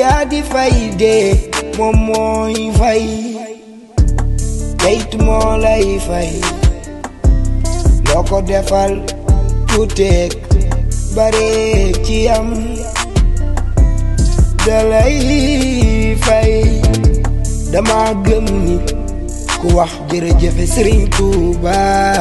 yadi faide momo ifai mo lay fay Loko defal tutek bare am dalay fay dama gëm ni ku wax jërëjëfe Serigne Touba